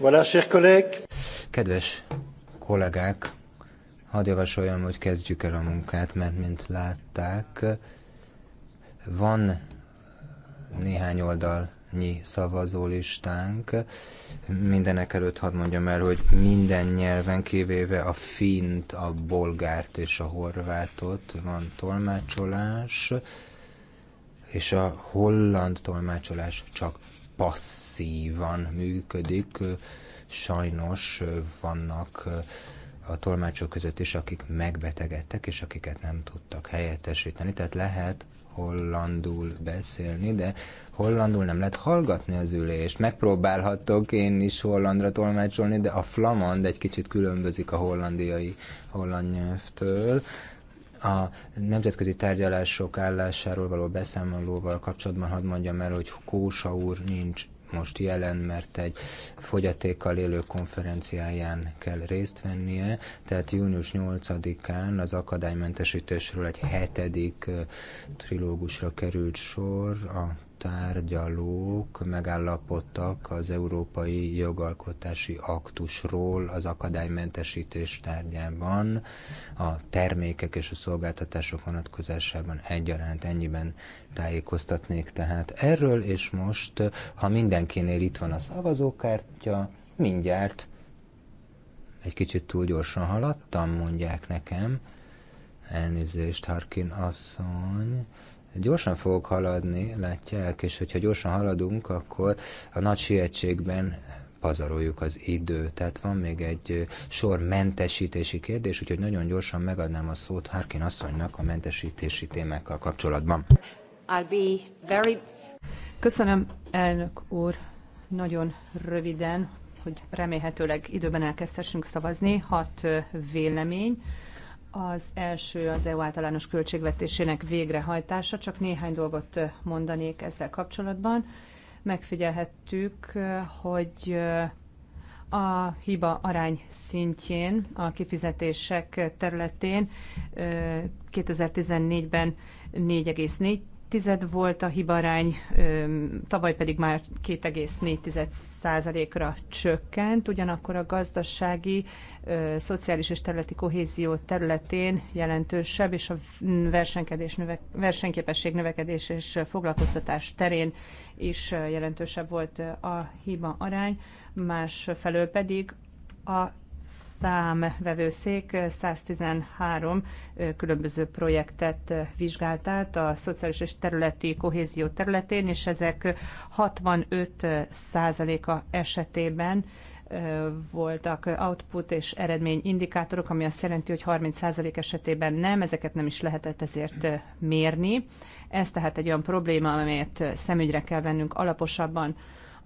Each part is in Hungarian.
Voilà, chers collègues. Kedves kollégák, hadd javasoljam, hogy kezdjük el a munkát, mert mint látták, van néhány oldalnyi szavazólistánk. Mindenek előtt hadd mondjam el, hogy minden nyelven kivéve a fint, a bolgárt és a horvátot van tolmácsolás, és a holland tolmácsolás csak passzívan működik. Sajnos vannak a tolmácsok között is, akik megbetegedtek, és akiket nem tudtak helyettesíteni. Tehát lehet hollandul beszélni, de hollandul nem lehet hallgatni az ülést. Megpróbálhatok én is hollandra tolmácsolni, de a flamand egy kicsit különbözik a hollandiai holland nyelvtől. A nemzetközi tárgyalások állásáról való beszámolóval kapcsolatban hadd mondjam el, hogy Kósa úr nincs most jelen, mert egy fogyatékkal élő konferenciáján kell részt vennie, tehát június 8-án az akadálymentesítésről egy hetedik trilógusra került sor a tárgyalók megállapodtak az európai jogalkotási aktusról az akadálymentesítés tárgyában, a termékek és a szolgáltatások vonatkozásában egyaránt ennyiben tájékoztatnék tehát erről, és most, ha mindenkinél itt van a szavazókártya, mindjárt egy kicsit túl gyorsan haladtam, mondják nekem. Elnézést, Harkin asszony. Gyorsan fogok haladni, látják, és hogyha gyorsan haladunk, akkor a nagy sietségben pazaroljuk az időt. Tehát van még egy sor mentesítési kérdés, úgyhogy nagyon gyorsan megadnám a szót Harkin asszonynak a mentesítési témákkal kapcsolatban. I'll be very... Köszönöm, elnök úr. Nagyon röviden, hogy remélhetőleg időben elkezdhessünk szavazni. Hat vélemény az első az EU általános költségvetésének végrehajtása. Csak néhány dolgot mondanék ezzel kapcsolatban. Megfigyelhettük, hogy a hiba arány szintjén, a kifizetések területén 2014-ben tized volt a hibarány, tavaly pedig már 2,4 százalékra csökkent, ugyanakkor a gazdasági, szociális és területi kohézió területén jelentősebb, és a versenkedés növe, versenyképesség növekedés és foglalkoztatás terén is jelentősebb volt a hiba arány, másfelől pedig a számvevőszék 113 különböző projektet vizsgált át a szociális és területi kohézió területén, és ezek 65 százaléka esetében voltak output és eredmény indikátorok, ami azt jelenti, hogy 30% esetében nem, ezeket nem is lehetett ezért mérni. Ez tehát egy olyan probléma, amelyet szemügyre kell vennünk alaposabban,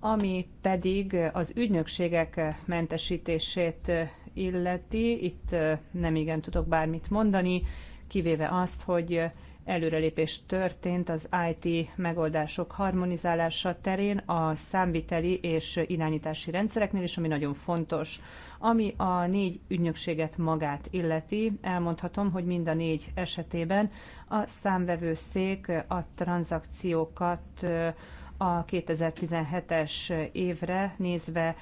ami pedig az ügynökségek mentesítését illeti, itt nem igen tudok bármit mondani, kivéve azt, hogy előrelépés történt az IT megoldások harmonizálása terén a számviteli és irányítási rendszereknél is, ami nagyon fontos. Ami a négy ügynökséget magát illeti, elmondhatom, hogy mind a négy esetében a számvevőszék a tranzakciókat a 2017-es évre nézve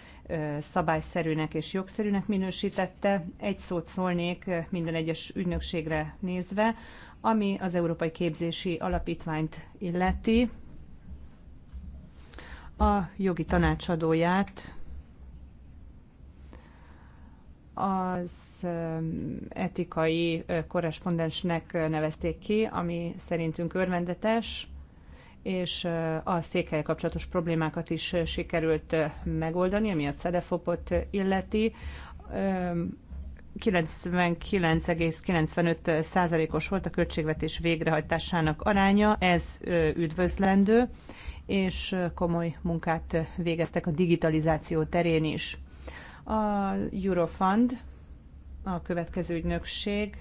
szabályszerűnek és jogszerűnek minősítette. Egy szót szólnék minden egyes ügynökségre nézve, ami az Európai Képzési Alapítványt illeti. A jogi tanácsadóját az etikai korrespondensnek nevezték ki, ami szerintünk örvendetes és a székhely kapcsolatos problémákat is sikerült megoldani, ami a CEDEFOPot illeti. 99,95 os volt a költségvetés végrehajtásának aránya, ez üdvözlendő, és komoly munkát végeztek a digitalizáció terén is. A Eurofund, a következő ügynökség,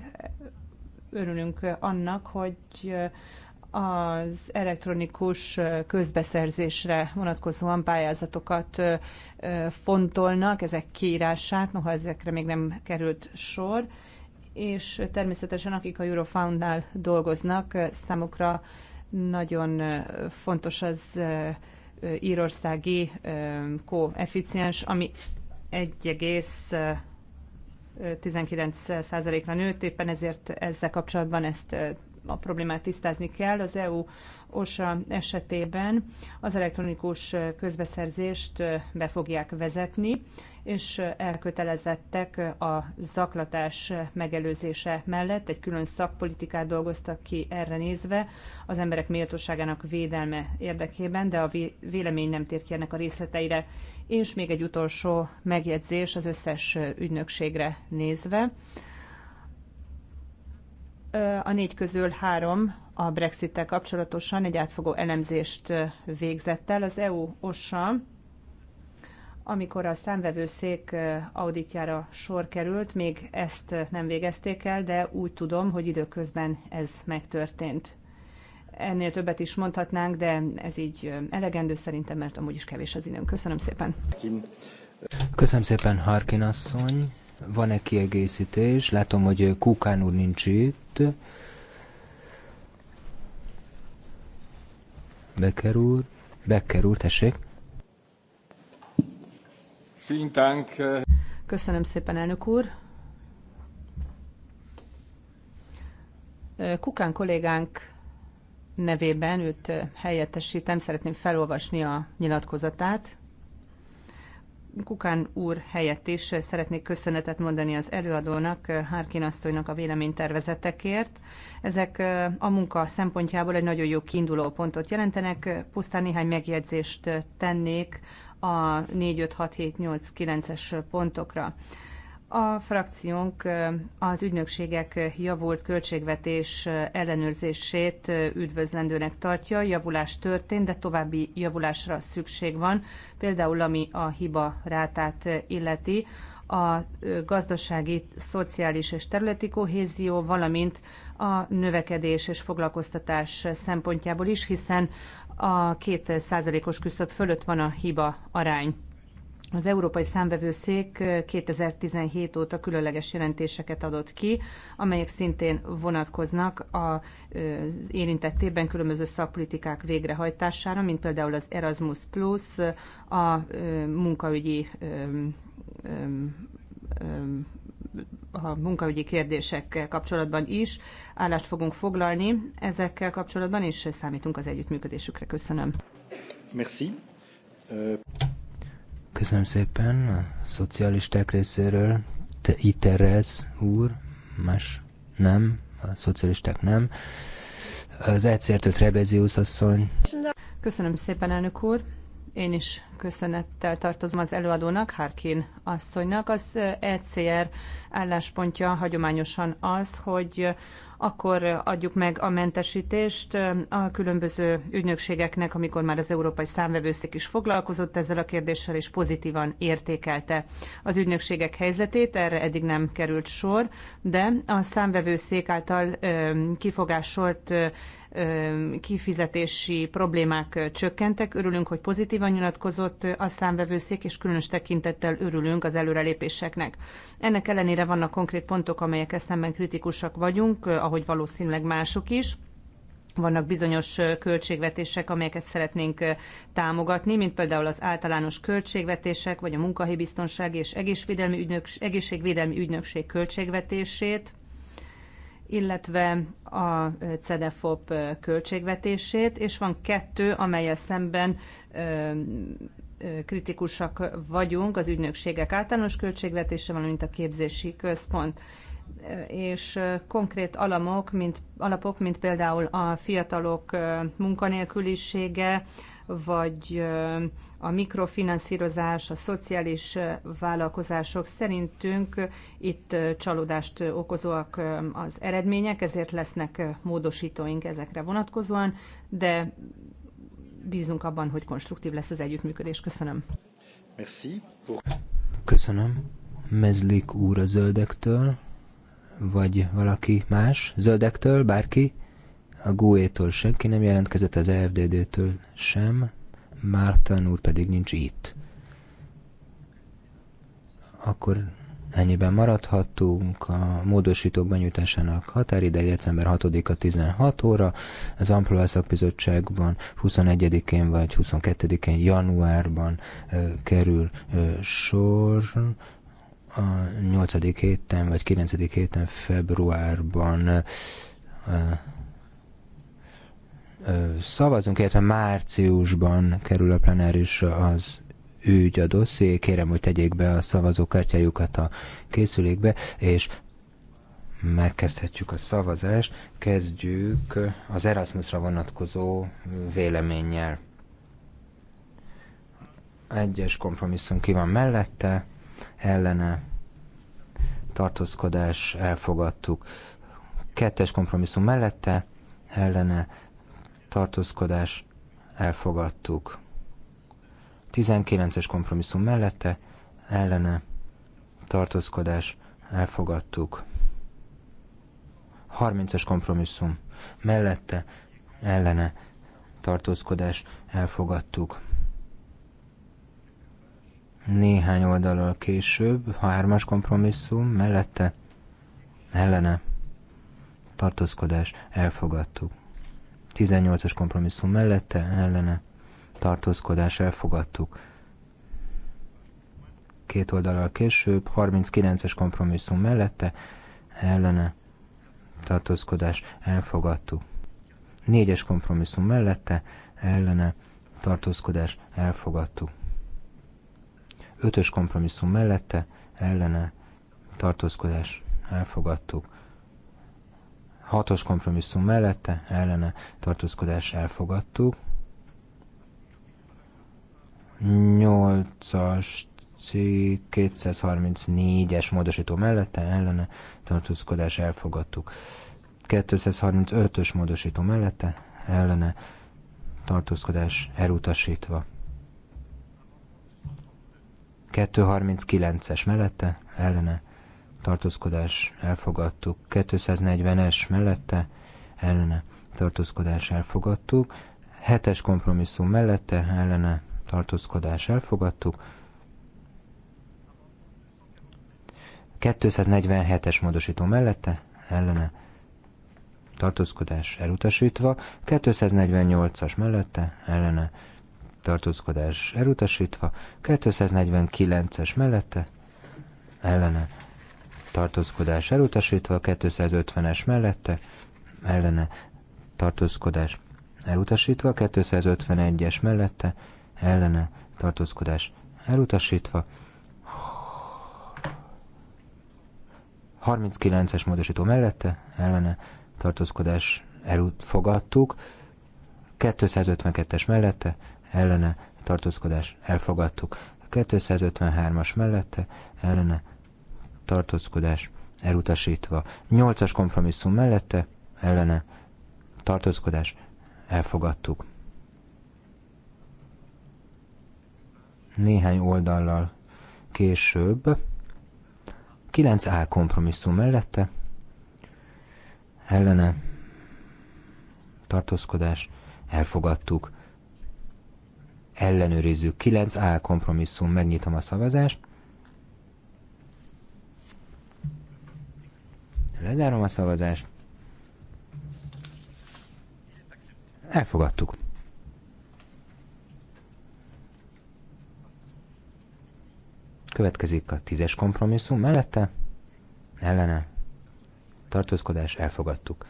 örülünk annak, hogy az elektronikus közbeszerzésre vonatkozóan pályázatokat fontolnak, ezek kiírását, noha ezekre még nem került sor, és természetesen akik a Eurofoundnál dolgoznak, számukra nagyon fontos az írországi koeficiens, ami 1,19%-ra nőtt, éppen ezért ezzel kapcsolatban ezt a problémát tisztázni kell. Az EU OSA esetében az elektronikus közbeszerzést be fogják vezetni, és elkötelezettek a zaklatás megelőzése mellett. Egy külön szakpolitikát dolgoztak ki erre nézve, az emberek méltóságának védelme érdekében, de a vélemény nem tér ki ennek a részleteire. És még egy utolsó megjegyzés az összes ügynökségre nézve a négy közül három a brexit kapcsolatosan egy átfogó elemzést végzett el. Az EU OSA, amikor a számvevőszék auditjára sor került, még ezt nem végezték el, de úgy tudom, hogy időközben ez megtörtént. Ennél többet is mondhatnánk, de ez így elegendő szerintem, mert amúgy is kevés az időnk. Köszönöm szépen. Köszönöm szépen, Harkin asszony. Van-e kiegészítés? Látom, hogy Kukán úr nincs itt. Becker úr. Becker úr, tessék. Köszönöm szépen, elnök úr. Kukán kollégánk nevében őt helyettesítem, szeretném felolvasni a nyilatkozatát. Kukán úr helyett is szeretnék köszönetet mondani az előadónak, Harkin asszonynak a véleménytervezetekért. Ezek a munka szempontjából egy nagyon jó kiinduló pontot jelentenek. Pusztán néhány megjegyzést tennék a 4, 5, 6, 7, 8, 9-es pontokra. A frakciónk az ügynökségek javult költségvetés ellenőrzését üdvözlendőnek tartja. Javulás történt, de további javulásra szükség van, például ami a hiba rátát illeti, a gazdasági, szociális és területi kohézió, valamint a növekedés és foglalkoztatás szempontjából is, hiszen a két százalékos küszöb fölött van a hiba arány. Az Európai Számvevőszék 2017 óta különleges jelentéseket adott ki, amelyek szintén vonatkoznak az érintettében különböző szakpolitikák végrehajtására, mint például az Erasmus Plus, a munkaügyi a munkaügyi kérdésekkel kapcsolatban is állást fogunk foglalni ezekkel kapcsolatban, és számítunk az együttműködésükre. Köszönöm. Merci. Euh, Köszönöm szépen a szocialisták részéről. Te Iterez úr, más nem, a szocialisták nem. Az egyszerű Rebezius asszony. Köszönöm szépen, elnök úr. Én is köszönettel tartozom az előadónak, Harkin asszonynak. Az ECR eh, e álláspontja hagyományosan az, hogy akkor adjuk meg a mentesítést a különböző ügynökségeknek, amikor már az Európai Számvevőszék is foglalkozott ezzel a kérdéssel, és pozitívan értékelte az ügynökségek helyzetét. Erre eddig nem került sor, de a számvevőszék által kifogásolt kifizetési problémák csökkentek. Örülünk, hogy pozitívan nyilatkozott a számvevőszék, és különös tekintettel örülünk az előrelépéseknek. Ennek ellenére vannak konkrét pontok, amelyek szemben kritikusak vagyunk, ahogy valószínűleg mások is vannak bizonyos költségvetések, amelyeket szeretnénk támogatni, mint például az általános költségvetések, vagy a munkahelybiztonság és egészségvédelmi, ügynöks, egészségvédelmi ügynökség költségvetését, illetve a CEDEFOP költségvetését, és van kettő, amelyel szemben kritikusak vagyunk, az ügynökségek általános költségvetése, valamint a képzési központ és konkrét alamok, mint, alapok, mint például a fiatalok munkanélkülisége, vagy a mikrofinanszírozás, a szociális vállalkozások szerintünk itt csalódást okozóak az eredmények, ezért lesznek módosítóink ezekre vonatkozóan, de bízunk abban, hogy konstruktív lesz az együttműködés. Köszönöm. Merci. Köszönöm. Mezlik úr a zöldektől, vagy valaki más zöldektől, bárki? A GUE-tól senki nem jelentkezett, az EFDD-től sem, Márton úr pedig nincs itt. Akkor ennyiben maradhattunk A módosítók benyújtásának határideje december 6-a 16 óra, az Amploa szakbizottságban 21-én vagy 22-én januárban ö, kerül ö, sor a 8. héten vagy 9. héten februárban ö, szavazunk, illetve márciusban kerül a plenáris az ügy, a dosszié. Kérem, hogy tegyék be a szavazókártyájukat a készülékbe, és megkezdhetjük a szavazást. Kezdjük az Erasmusra vonatkozó véleménnyel. Egyes kompromisszum ki van mellette, ellene tartózkodás elfogadtuk. Kettes kompromisszum mellette, ellene tartózkodás, elfogadtuk. 19-es kompromisszum mellette, ellene, tartózkodás, elfogadtuk. 30-es kompromisszum mellette, ellene, tartózkodás, elfogadtuk. Néhány oldalal később, hármas kompromisszum mellette, ellene, tartózkodás, elfogadtuk. 18-as kompromisszum mellette ellene tartózkodás elfogadtuk. Két oldalal később 39-es kompromisszum mellette ellene tartózkodás elfogadtuk. es kompromisszum mellette ellene tartózkodás elfogadtuk. 5-ös kompromisszum mellette ellene tartózkodás elfogadtuk. Hatos kompromisszum mellette, ellene tartózkodás elfogadtuk. Nyolcas cikk 234-es módosító mellette, ellene tartózkodás elfogadtuk. 235-ös módosító mellette, ellene tartózkodás elutasítva. 239-es mellette, ellene tartózkodás elfogadtuk. 240-es mellette ellene tartózkodás elfogadtuk. 7-es kompromisszum mellette ellene tartózkodás elfogadtuk. 247-es módosító mellette ellene tartózkodás elutasítva, 248-as mellette ellene tartózkodás elutasítva, 249-es mellette ellene tartózkodás elutasítva, 250-es mellette ellene tartózkodás elutasítva, 251-es mellette ellene tartózkodás elutasítva, 39-es módosító mellette ellene tartózkodás elfogadtuk, 252-es mellette ellene tartózkodás elfogadtuk, 253-as mellette ellene tartózkodás elutasítva. Nyolcas kompromisszum mellette, ellene, tartózkodás, elfogadtuk. Néhány oldallal később 9A kompromisszum mellette, ellene, tartózkodás, elfogadtuk. Ellenőrizzük 9A kompromisszum, megnyitom a szavazást, Lezárom a szavazást. Elfogadtuk. Következik a tízes kompromisszum mellette. Ellene. Tartózkodás elfogadtuk.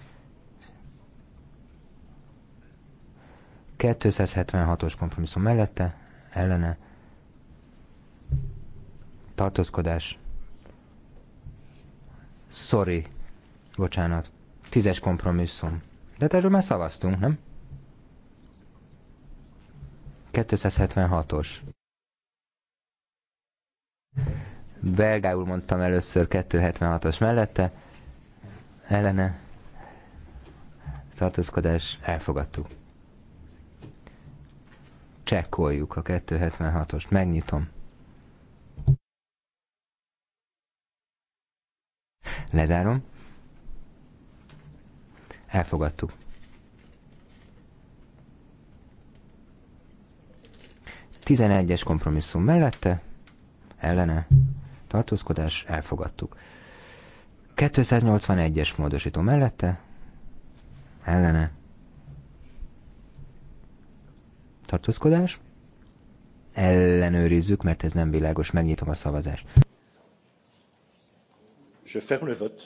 276-os kompromisszum mellette. Ellene. Tartózkodás. Sorry, Bocsánat. Tízes kompromisszum. De hát erről már szavaztunk, nem? 276-os. Belgául mondtam először 276-os mellette. Ellene. Tartózkodás. Elfogadtuk. Csekkoljuk a 276-ost. Megnyitom. Lezárom. Elfogadtuk. Tizenegyes kompromisszum mellette, ellene, tartózkodás, elfogadtuk. 281-es módosító mellette, ellene, tartózkodás, ellenőrizzük, mert ez nem világos, megnyitom a szavazást. Je ferme le vote.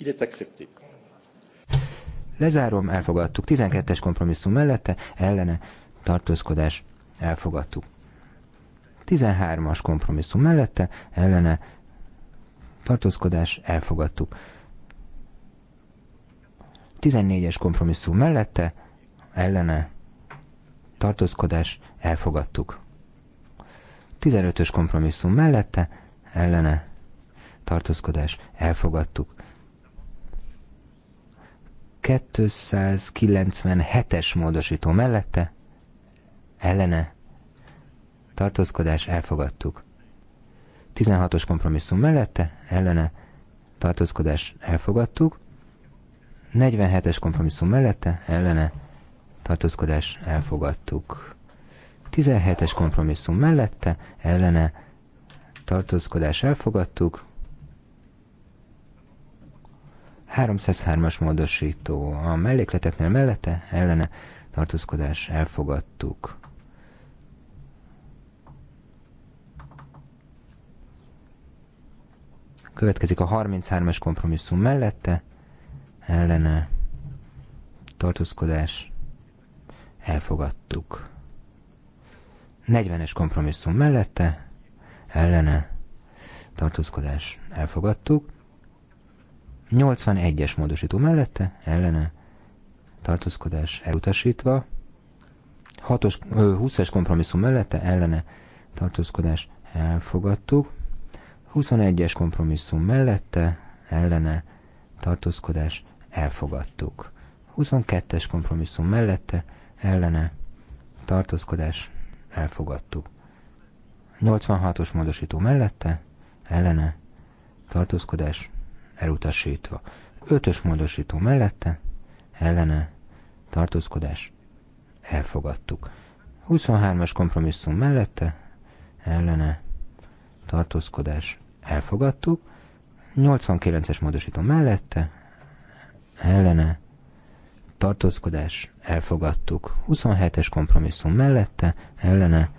Il est accepté. Lezárom, elfogadtuk. 12-es kompromisszum mellette, ellene, tartózkodás, elfogadtuk. 13-as kompromisszum mellette, ellene, tartózkodás, elfogadtuk. 14-es kompromisszum mellette, ellene, tartózkodás, elfogadtuk. 15-ös kompromisszum mellette, ellene, tartózkodás, elfogadtuk. 297-es módosító mellette, ellene, tartózkodás, elfogadtuk. 16-os kompromisszum mellette, ellene, tartózkodás, elfogadtuk. 47-es kompromisszum mellette, ellene, tartózkodás, elfogadtuk. 17-es kompromisszum mellette, ellene, tartózkodás, elfogadtuk. 303-as módosító a mellékleteknél mellette, ellene tartózkodás elfogadtuk. Következik a 33-as kompromisszum mellette, ellene tartózkodás elfogadtuk. 40-es kompromisszum mellette, ellene tartózkodás elfogadtuk. 81-es módosító mellette, ellene, tartózkodás elutasítva, 6-os, 20-es kompromisszum mellette, ellene, tartózkodás elfogadtuk, 21-es kompromisszum mellette, ellene, tartózkodás elfogadtuk. 22-es kompromisszum mellette, ellene, tartózkodás elfogadtuk. 86-os módosító mellette, ellene, tartózkodás elutasítva. Ötös módosító mellette, ellene, tartózkodás, elfogadtuk. 23-as kompromisszum mellette, ellene, tartózkodás, elfogadtuk. 89-es módosító mellette, ellene, tartózkodás, elfogadtuk. 27-es kompromisszum mellette, ellene,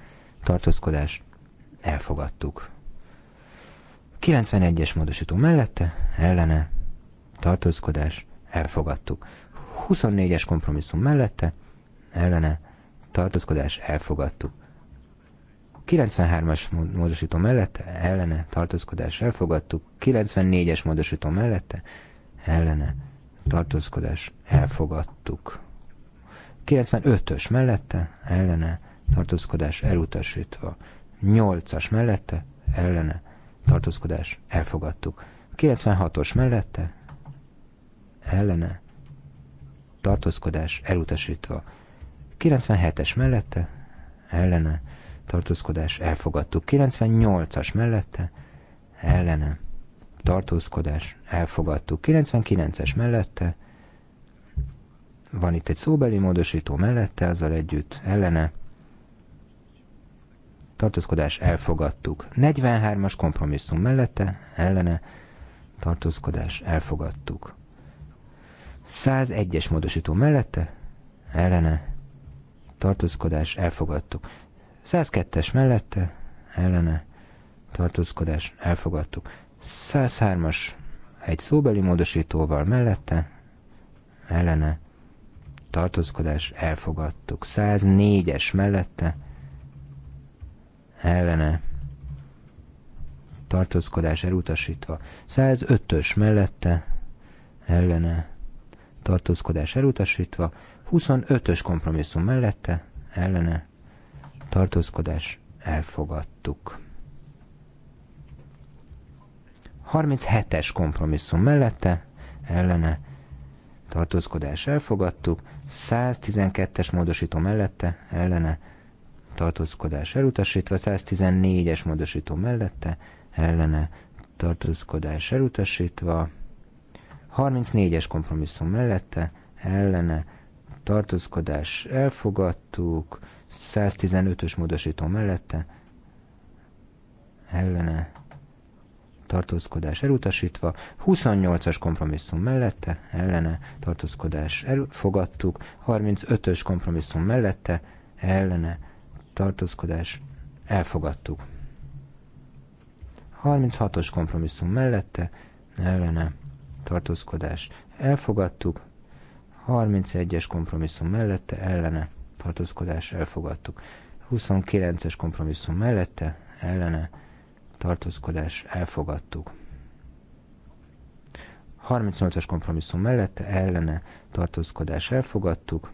tartózkodás, elfogadtuk. 91-es módosító mellette, ellene, tartózkodás, elfogadtuk. 24-es kompromisszum mellette, ellene, tartózkodás, elfogadtuk. 93-as módosító mellette, ellene, tartózkodás, elfogadtuk. 94-es módosító mellette, ellene, tartózkodás, elfogadtuk. 95-ös mellette, ellene, tartózkodás, elutasítva. 8-as mellette, ellene, tartózkodás, elfogadtuk. 96-os mellette, ellene, tartózkodás elutasítva. 97-es mellette, ellene, tartózkodás elfogadtuk. 98-as mellette, ellene, tartózkodás elfogadtuk. 99-es mellette, van itt egy szóbeli módosító mellette, azzal együtt ellene, tartózkodás elfogadtuk. 43-as kompromisszum mellette, ellene, tartózkodás, elfogadtuk. 101-es módosító mellette, ellene, tartózkodás, elfogadtuk. 102-es mellette, ellene, tartózkodás, elfogadtuk. 103-as egy szóbeli módosítóval mellette, ellene, tartózkodás, elfogadtuk. 104-es mellette, ellene, tartózkodás elutasítva. 105-ös mellette ellene tartózkodás elutasítva. 25-ös kompromisszum mellette ellene tartózkodás elfogadtuk. 37-es kompromisszum mellette ellene tartózkodás elfogadtuk, 112-es módosító mellette ellene tartózkodás elutasítva, 114-es módosító mellette ellene tartózkodás elutasítva, 34-es kompromisszum mellette ellene tartózkodás elfogadtuk, 115-ös módosító mellette ellene tartózkodás elutasítva, 28-as kompromisszum mellette ellene tartózkodás elfogadtuk, 35-ös kompromisszum mellette ellene tartózkodás elfogadtuk. 36-os kompromisszum mellette, ellene, tartózkodás elfogadtuk, 31-es kompromisszum mellette, ellene, tartózkodás elfogadtuk, 29-es kompromisszum mellette, ellene, tartózkodás elfogadtuk. 38-as kompromisszum mellette, ellene, tartózkodás elfogadtuk,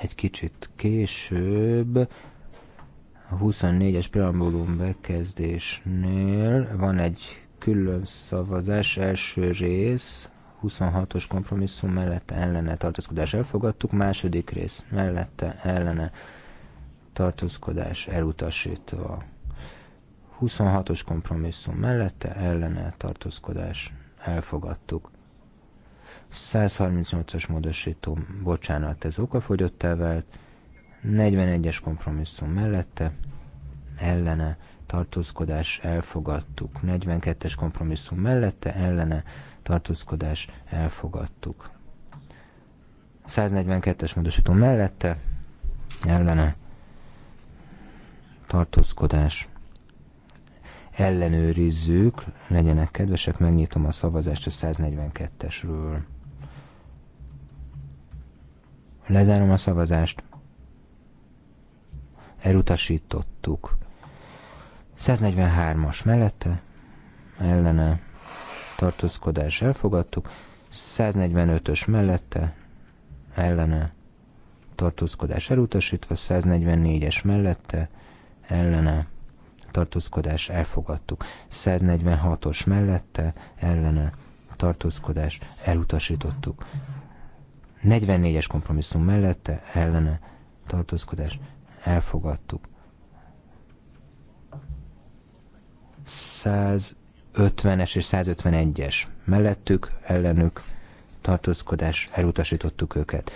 egy kicsit később a 24-es preambulum bekezdésnél van egy külön szavazás, első rész, 26-os kompromisszum mellette ellene tartózkodás elfogadtuk, második rész mellette ellene tartózkodás elutasítva. 26-os kompromisszum mellette ellene tartózkodás elfogadtuk. 138-as módosító, bocsánat, ez okafogyottá vált, 41-es kompromisszum mellette, ellene, tartózkodás elfogadtuk. 42-es kompromisszum mellette, ellene, tartózkodás elfogadtuk. 142-es módosító mellette, ellene, tartózkodás ellenőrizzük, legyenek kedvesek, megnyitom a szavazást a 142-esről. Lezárom a szavazást elutasítottuk. 143-as mellette, ellene tartózkodás elfogadtuk, 145-ös mellette, ellene tartózkodás elutasítva, 144-es mellette, ellene tartózkodás elfogadtuk, 146-os mellette, ellene tartózkodás elutasítottuk. 44-es kompromisszum mellette, ellene tartózkodás elfogadtuk. 150-es és 151-es mellettük, ellenük tartózkodás, elutasítottuk őket.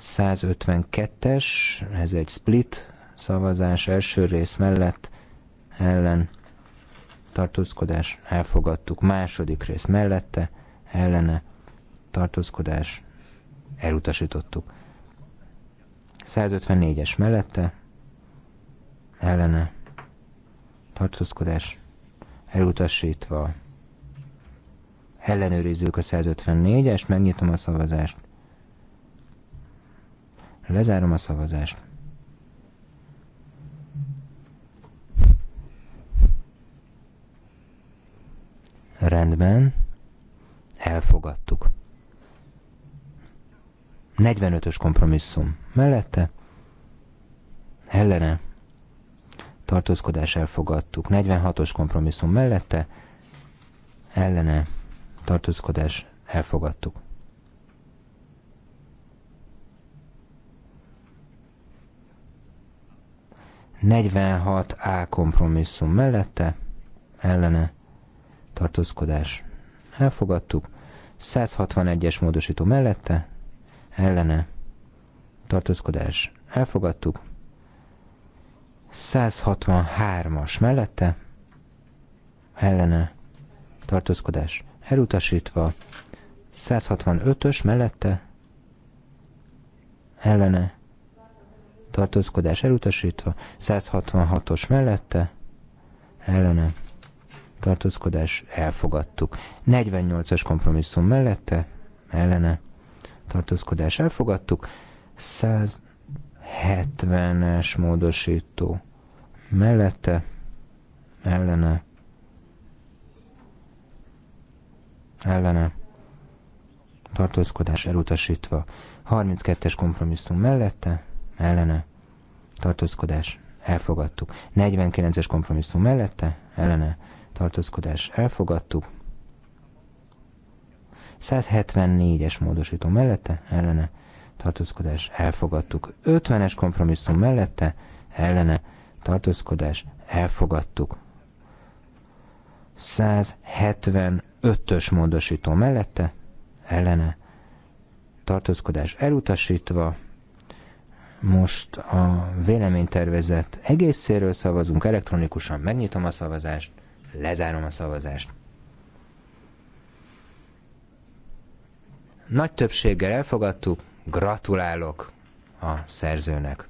152-es, ez egy split szavazás, első rész mellett, ellen tartózkodás, elfogadtuk. Második rész mellette, ellene tartózkodás, elutasítottuk. 154-es mellette, ellene, tartózkodás, elutasítva, ellenőrizzük a 154-est, megnyitom a szavazást, lezárom a szavazást. Rendben, elfogadtuk. 45-ös kompromisszum mellette, ellene, tartózkodás elfogadtuk. 46-os kompromisszum mellette, ellene, tartózkodás elfogadtuk. 46 A kompromisszum mellette, ellene, tartózkodás elfogadtuk. 161-es módosító mellette, ellene tartózkodás elfogadtuk. 163-as mellette ellene tartózkodás elutasítva. 165-ös mellette ellene tartózkodás elutasítva. 166-os mellette ellene tartózkodás elfogadtuk. 48-as kompromisszum mellette ellene tartózkodás elfogadtuk. 170-es módosító mellette, ellene, ellene, tartózkodás elutasítva. 32-es kompromisszum mellette, ellene, tartózkodás elfogadtuk. 49-es kompromisszum mellette, ellene, tartózkodás elfogadtuk. 174-es módosító mellette, ellene tartózkodás elfogadtuk. 50-es kompromisszum mellette, ellene tartózkodás elfogadtuk. 175-ös módosító mellette, ellene tartózkodás elutasítva. Most a véleménytervezet egészéről szavazunk elektronikusan, megnyitom a szavazást, lezárom a szavazást. Nagy többséggel elfogadtuk, gratulálok a szerzőnek.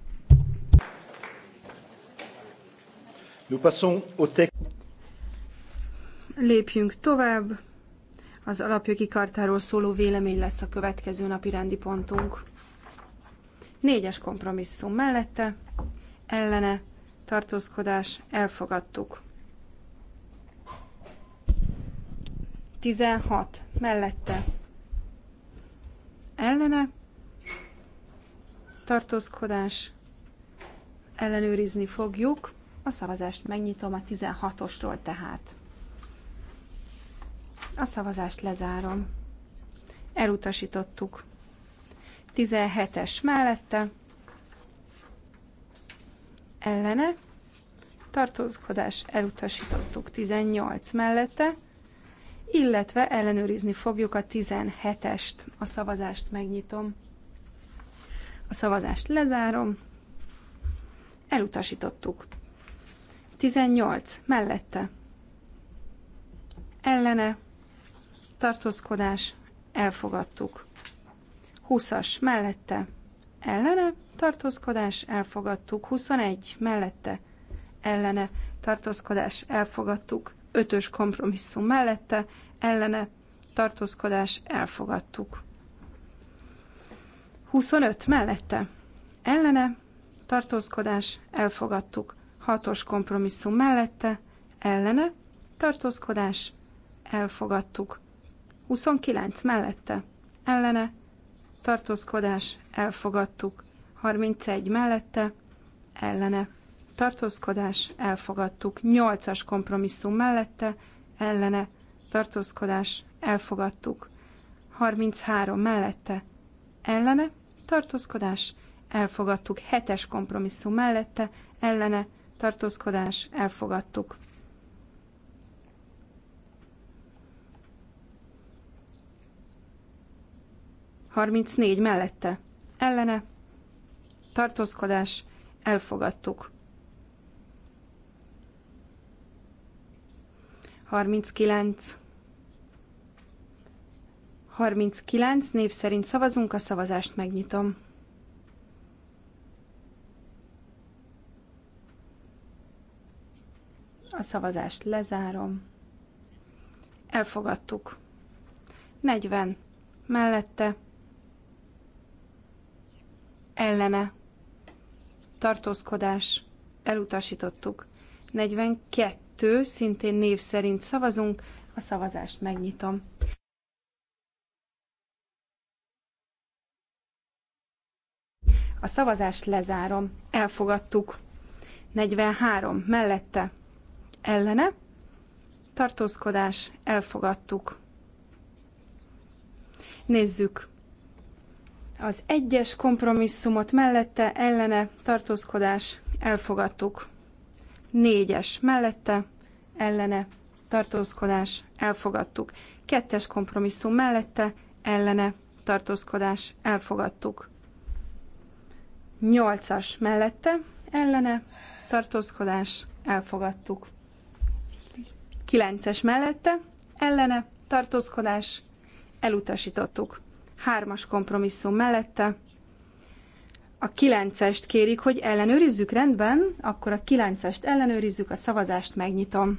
Lépjünk tovább. Az alapjogi kartáról szóló vélemény lesz a következő napi rendi pontunk. Négyes kompromisszum mellette, ellene, tartózkodás, elfogadtuk. 16 mellette, kellene. tartózkodás, ellenőrizni fogjuk. A szavazást megnyitom a 16-osról tehát. A szavazást lezárom. Elutasítottuk. 17-es mellette, ellene, tartózkodás elutasítottuk 18 mellette, illetve ellenőrizni fogjuk a 17-est. A szavazást megnyitom. A szavazást lezárom. Elutasítottuk. 18. Mellette. Ellene. Tartózkodás. Elfogadtuk. 20-as. Mellette. Ellene. Tartózkodás. Elfogadtuk. 21. Mellette. Ellene. Tartózkodás. Elfogadtuk ötös kompromisszum mellette, ellene tartózkodás elfogadtuk. 25 mellette, ellene tartózkodás elfogadtuk. Hatos kompromisszum mellette, ellene tartózkodás elfogadtuk. 29 mellette, ellene tartózkodás elfogadtuk. 31 mellette, ellene tartózkodás, elfogadtuk. nyolcas kompromisszum mellette, ellene, tartózkodás, elfogadtuk. 33 mellette, ellene, tartózkodás, elfogadtuk. 7-es kompromisszum mellette, ellene, tartózkodás, elfogadtuk. Harmincnégy mellette, ellene, tartózkodás, elfogadtuk. 39. 39 név szerint szavazunk, a szavazást megnyitom. A szavazást lezárom. Elfogadtuk. 40. Mellette. Ellene. Tartózkodás. Elutasítottuk. 42 kettő, szintén név szerint szavazunk, a szavazást megnyitom. A szavazást lezárom. Elfogadtuk. 43. Mellette. Ellene. Tartózkodás. Elfogadtuk. Nézzük. Az egyes kompromisszumot mellette, ellene, tartózkodás, elfogadtuk. Négyes mellette, ellene, tartózkodás, elfogadtuk. Kettes kompromisszum mellette, ellene, tartózkodás, elfogadtuk. Nyolcas mellette, ellene, tartózkodás, elfogadtuk. Kilences mellette, ellene, tartózkodás, elutasítottuk. Hármas kompromisszum mellette, a kilencest kérik, hogy ellenőrizzük rendben, akkor a kilencest ellenőrizzük, a szavazást megnyitom.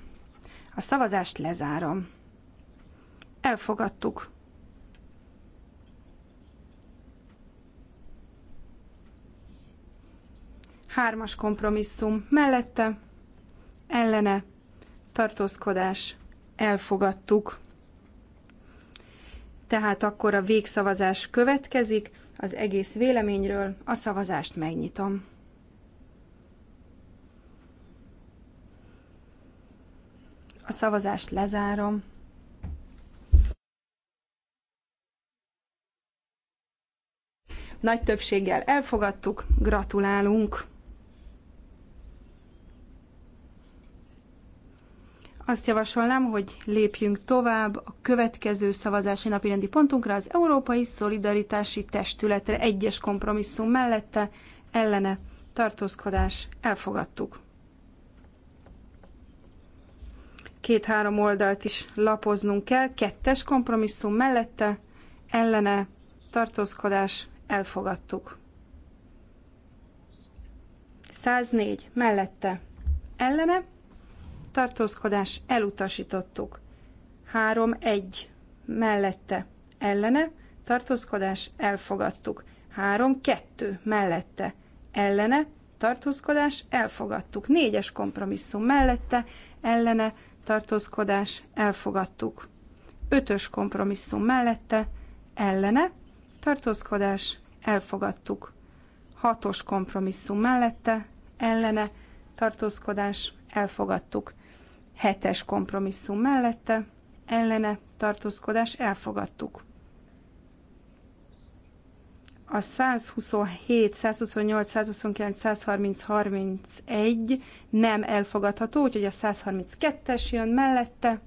A szavazást lezárom. Elfogadtuk. Hármas kompromisszum. Mellette, ellene, tartózkodás. Elfogadtuk. Tehát akkor a végszavazás következik az egész véleményről. A szavazást megnyitom. A szavazást lezárom. Nagy többséggel elfogadtuk, gratulálunk! Azt javasolnám, hogy lépjünk tovább a következő szavazási napirendi pontunkra, az Európai Szolidaritási Testületre egyes kompromisszum mellette, ellene tartózkodás elfogadtuk. Két-három oldalt is lapoznunk kell, kettes kompromisszum mellette, ellene tartózkodás elfogadtuk. 104 mellette, ellene tartózkodás, elutasítottuk. 3-1 mellette, ellene, tartózkodás, elfogadtuk. 3-2 mellette, ellene, tartózkodás, elfogadtuk. 4-es kompromisszum mellette, ellene, tartózkodás, elfogadtuk. 5-ös kompromisszum mellette, ellene, tartózkodás, elfogadtuk. 6-os kompromisszum mellette, ellene, tartózkodás, elfogadtuk. Hetes kompromisszum mellette, ellene tartózkodás elfogadtuk. A 127, 128, 129, 130, 31 nem elfogadható, úgyhogy a 132-es jön mellette,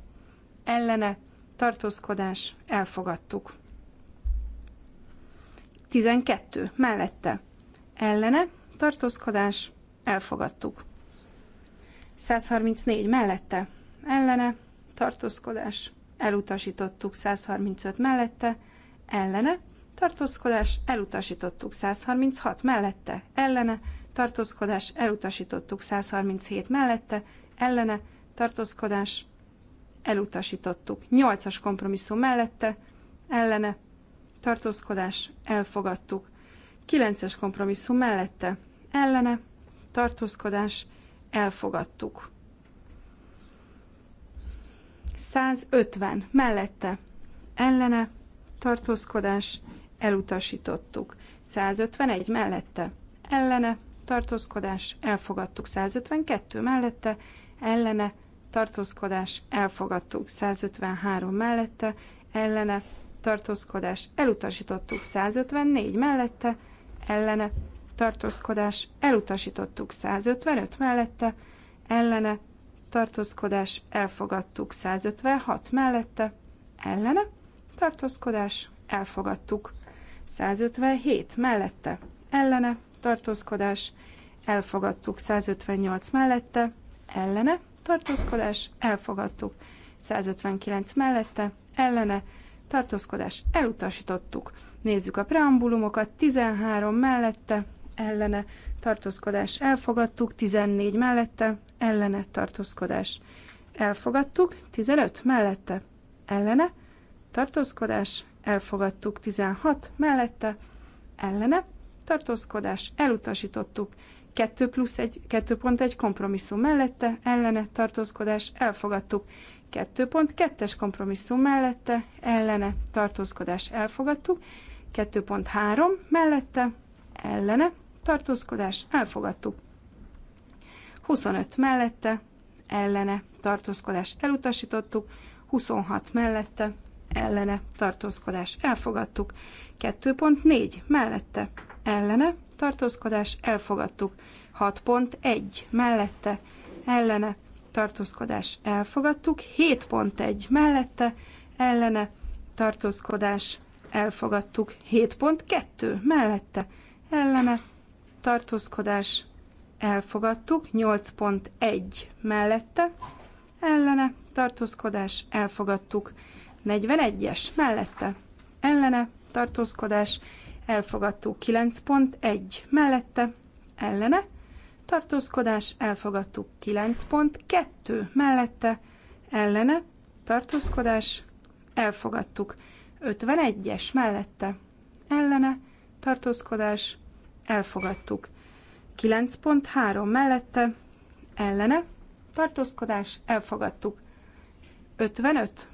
ellene tartózkodás elfogadtuk. 12 mellette, ellene tartózkodás elfogadtuk. 134 mellette, ellene, tartózkodás, elutasítottuk 135 mellette, ellene, tartózkodás, elutasítottuk 136 mellette, ellene, tartózkodás, elutasítottuk 137 mellette, ellene, tartózkodás, elutasítottuk 8-as kompromisszum mellette, ellene, tartózkodás, elfogadtuk 9-es kompromisszum mellette, ellene, tartózkodás, elfogadtuk. 150 mellette ellene tartózkodás elutasítottuk. 151 mellette ellene tartózkodás elfogadtuk. 152 mellette ellene tartózkodás elfogadtuk. 153 mellette ellene tartózkodás elutasítottuk. 154 mellette ellene tartózkodás, elutasítottuk 155 mellette, ellene, tartózkodás, elfogadtuk 156 mellette, ellene, tartózkodás, elfogadtuk 157 mellette, ellene, tartózkodás, elfogadtuk 158 mellette, ellene, tartózkodás, elfogadtuk 159 mellette, ellene, tartózkodás, elutasítottuk. Nézzük a preambulumokat, 13 mellette, ellene tartózkodás elfogadtuk, 14 mellette ellene tartózkodás elfogadtuk, 15 mellette ellene tartózkodás elfogadtuk, 16 mellette ellene tartózkodás elutasítottuk, 2 plusz 1, 2 pont 1 kompromisszum mellette ellene tartózkodás elfogadtuk, 2 pont 2 es kompromisszum mellette ellene tartózkodás elfogadtuk, 2.3 mellette ellene tartózkodás, elfogadtuk. 25 mellette, ellene, tartózkodás, elutasítottuk. 26 mellette, ellene, tartózkodás, elfogadtuk. 2.4 mellette, ellene, tartózkodás, elfogadtuk. 6.1 mellette, ellene, tartózkodás, elfogadtuk. 7.1 mellette, ellene, tartózkodás, elfogadtuk. 7.2 mellette, ellene, tartózkodás elfogadtuk, 8.1 mellette, ellene, tartózkodás elfogadtuk, 41-es mellette, ellene, tartózkodás elfogadtuk, 9.1 mellette, ellene, tartózkodás elfogadtuk, 9.2 mellette, ellene, tartózkodás elfogadtuk, 51-es mellette, ellene, tartózkodás elfogadtuk. 9.3 mellette, ellene, tartózkodás, elfogadtuk. 55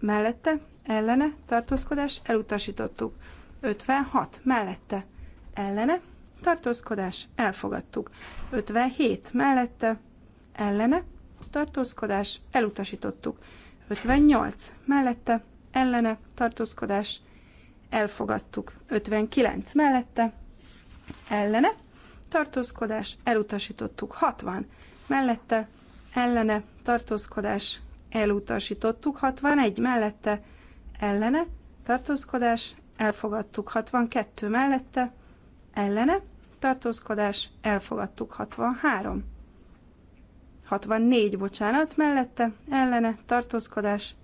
mellette, ellene, tartózkodás, elutasítottuk. 56 mellette, ellene, tartózkodás, elfogadtuk. 57 mellette, ellene, tartózkodás, elutasítottuk. 58 mellette, ellene, tartózkodás, elfogadtuk. 59 mellette, ellene, tartózkodás, elutasítottuk. 60 mellette, ellene, tartózkodás, elutasítottuk. 61 mellette, ellene, tartózkodás, elfogadtuk. 62 mellette, ellene, tartózkodás, elfogadtuk. 63 64, bocsánat, mellette, ellene, tartózkodás,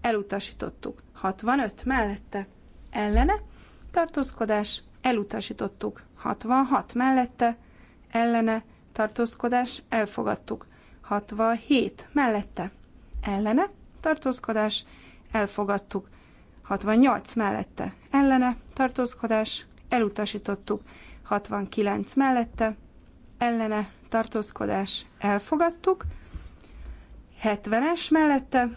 elutasítottuk. 65 mellette, ellene, tartózkodás elutasítottuk. 66 mellette, ellene, tartózkodás elfogadtuk. 67 mellette, ellene, tartózkodás elfogadtuk. 68 mellette, ellene, tartózkodás elutasítottuk. 69 mellette, ellene, tartózkodás elfogadtuk. 70-es mellette,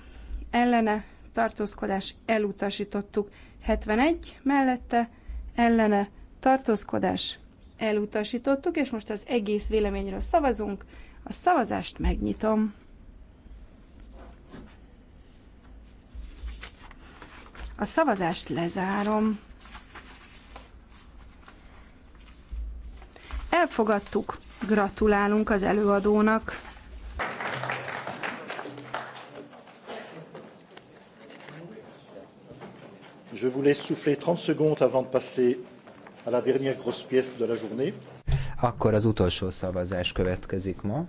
ellene, tartózkodás elutasítottuk. 71 mellette ellene tartózkodás elutasítottuk, és most az egész véleményről szavazunk. A szavazást megnyitom. A szavazást lezárom. Elfogadtuk. Gratulálunk az előadónak. Je vous laisse souffler 30 secondes avant de passer à la dernière grosse pièce de la journée. Akkor az utolsó szavazás következik ma.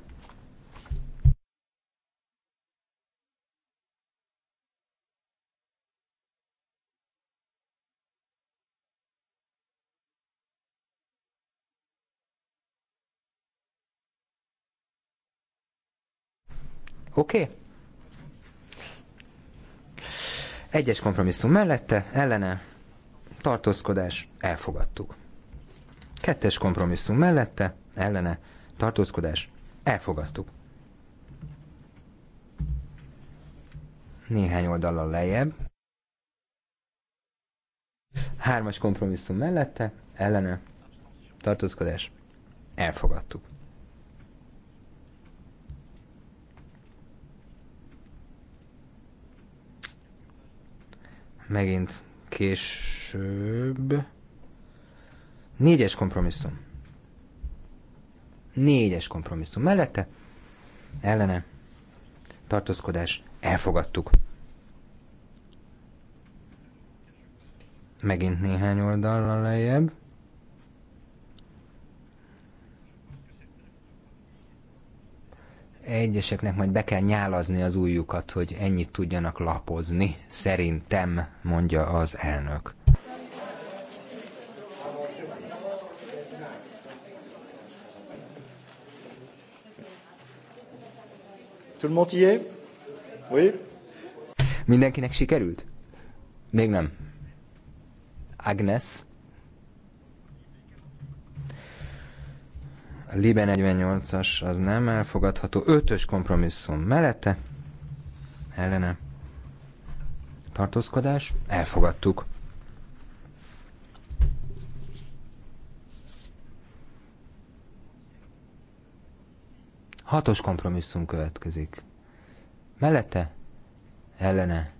Oké? Okay. Egyes kompromisszum mellette, ellene, tartózkodás, elfogadtuk. Kettes kompromisszum mellette, ellene, tartózkodás, elfogadtuk. Néhány oldallal lejjebb. Hármas kompromisszum mellette, ellene, tartózkodás, elfogadtuk. megint később. Négyes kompromisszum. Négyes kompromisszum. Mellette ellene tartózkodás elfogadtuk. Megint néhány oldal lejjebb. egyeseknek majd be kell nyálazni az újjukat, hogy ennyit tudjanak lapozni, szerintem, mondja az elnök. Mindenkinek sikerült? Még nem. Agnes? Libe 48-as az nem elfogadható. Ötös kompromisszum mellette, ellene. Tartózkodás, elfogadtuk. Hatos kompromisszum következik. Mellette, ellene,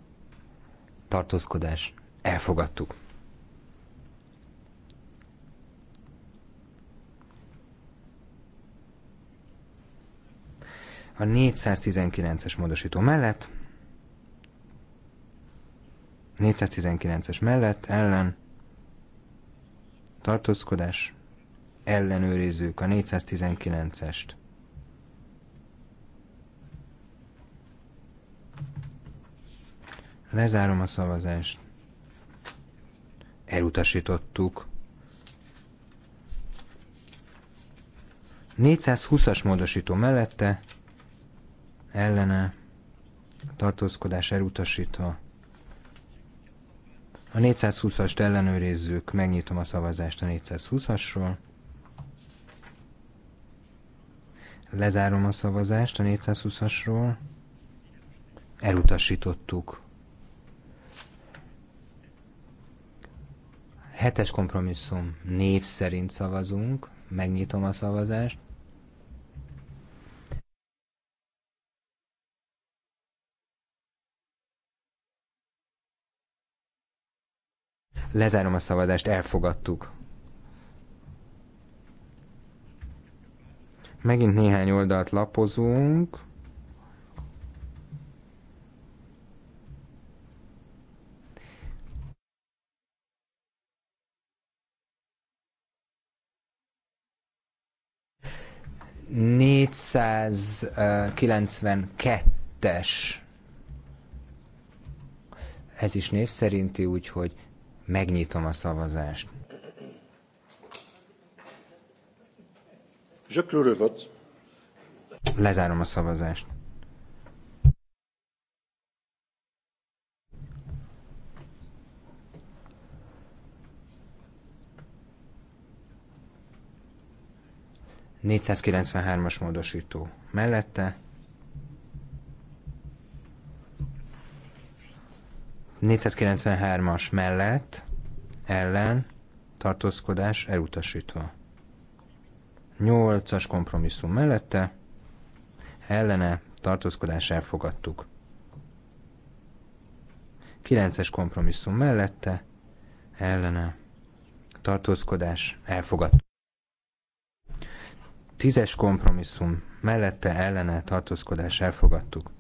tartózkodás, elfogadtuk. A 419-es módosító mellett 419-es mellett ellen tartózkodás ellenőrizzük a 419-est. Lezárom a szavazást. Elutasítottuk. 420-as módosító mellette ellene tartózkodás elutasítva. A 420-ast ellenőrizzük, megnyitom a szavazást a 420-asról. Lezárom a szavazást a 420-asról. Elutasítottuk. Hetes kompromisszum. Név szerint szavazunk. Megnyitom a szavazást. Lezárom a szavazást, elfogadtuk. Megint néhány oldalt lapozunk. Négyszázkilencvenkettes. Ez is név szerinti, úgyhogy Megnyitom a szavazást. Lezárom a szavazást. Négyszázkilencvenhármas módosító mellette, 493-as mellett ellen tartózkodás elutasítva. 8-as kompromisszum mellette ellene tartózkodás elfogadtuk. 9-es kompromisszum mellette ellene tartózkodás elfogadtuk. 10-es kompromisszum mellette ellene tartózkodás elfogadtuk.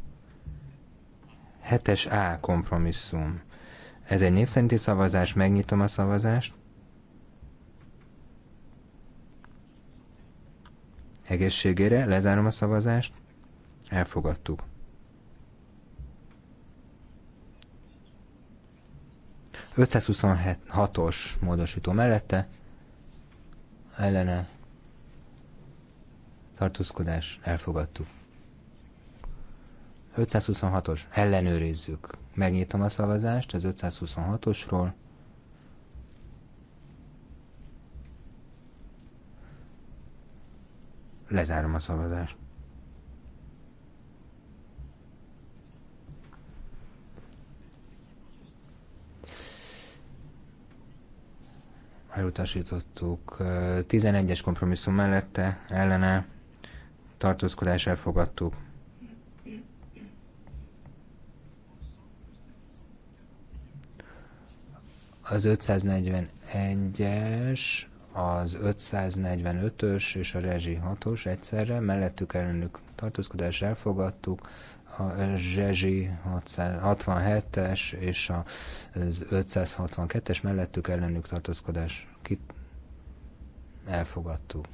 Hetes A kompromisszum. Ez egy népszerinti szavazás, megnyitom a szavazást. Egészségére lezárom a szavazást. Elfogadtuk. os módosító mellette ellene tartózkodás elfogadtuk. 526-os. Ellenőrizzük. Megnyitom a szavazást az 526-osról. Lezárom a szavazást. elutasítottuk. 11-es kompromisszum mellette ellene tartózkodás elfogadtuk. Az 541-es, az 545-ös és a rezsi 6-os egyszerre, mellettük ellenük tartózkodás elfogadtuk, a rezsi 67-es és az 562-es mellettük ellenük tartózkodás kit elfogadtuk.